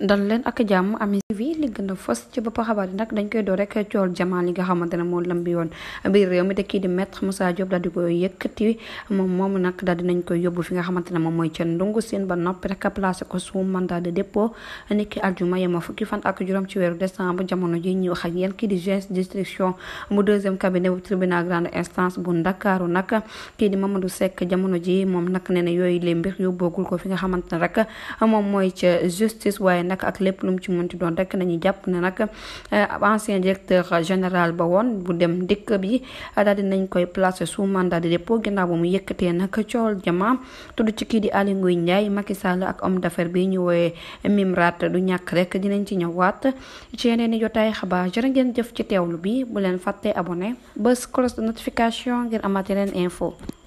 dal leen ak jàmm ami vi li gën a ci bopp xabaar yi nag dañ koy door rek cool jamaa li nga xamante ko yëkkati moom fi nga xamante ne moom mooy ca ndungu seen ba noppi rek placé ko sous mandat de dépôt niki aljuma yema fukki fan ak juróom ci weeru décembre jamono ji ñuy wax ak yéen kii di juge cabinet bu tribunal grande instance bu ndakaaru nag kii di Mamadou Seck ji moom nag nee na yooyu les mbir yóbboogul ko fi nga xamante ne rek moom mooy justice waaye nag ak lépp lu ci ci ti doon rek nañu jàpp ne nag eh, ancien directeur général ba woon bu dem dikk bi eh, a di nañ koy placé sous mandat de dépôt ginnaaw ba mu yëkkatee nag cool jamaam tudd ci kii di Aly Ngouille Ndiaye Macky Sall ak homme d'affaires bi ñu wooyee Mimrat du ñàkk rek dinañ ci ñëwaat ci yeneen i jotaay xabaar jërë ngeen jëf ci teewlu bi bu leen fàtte abonné bés cloche de notification ngir amaat yeneen info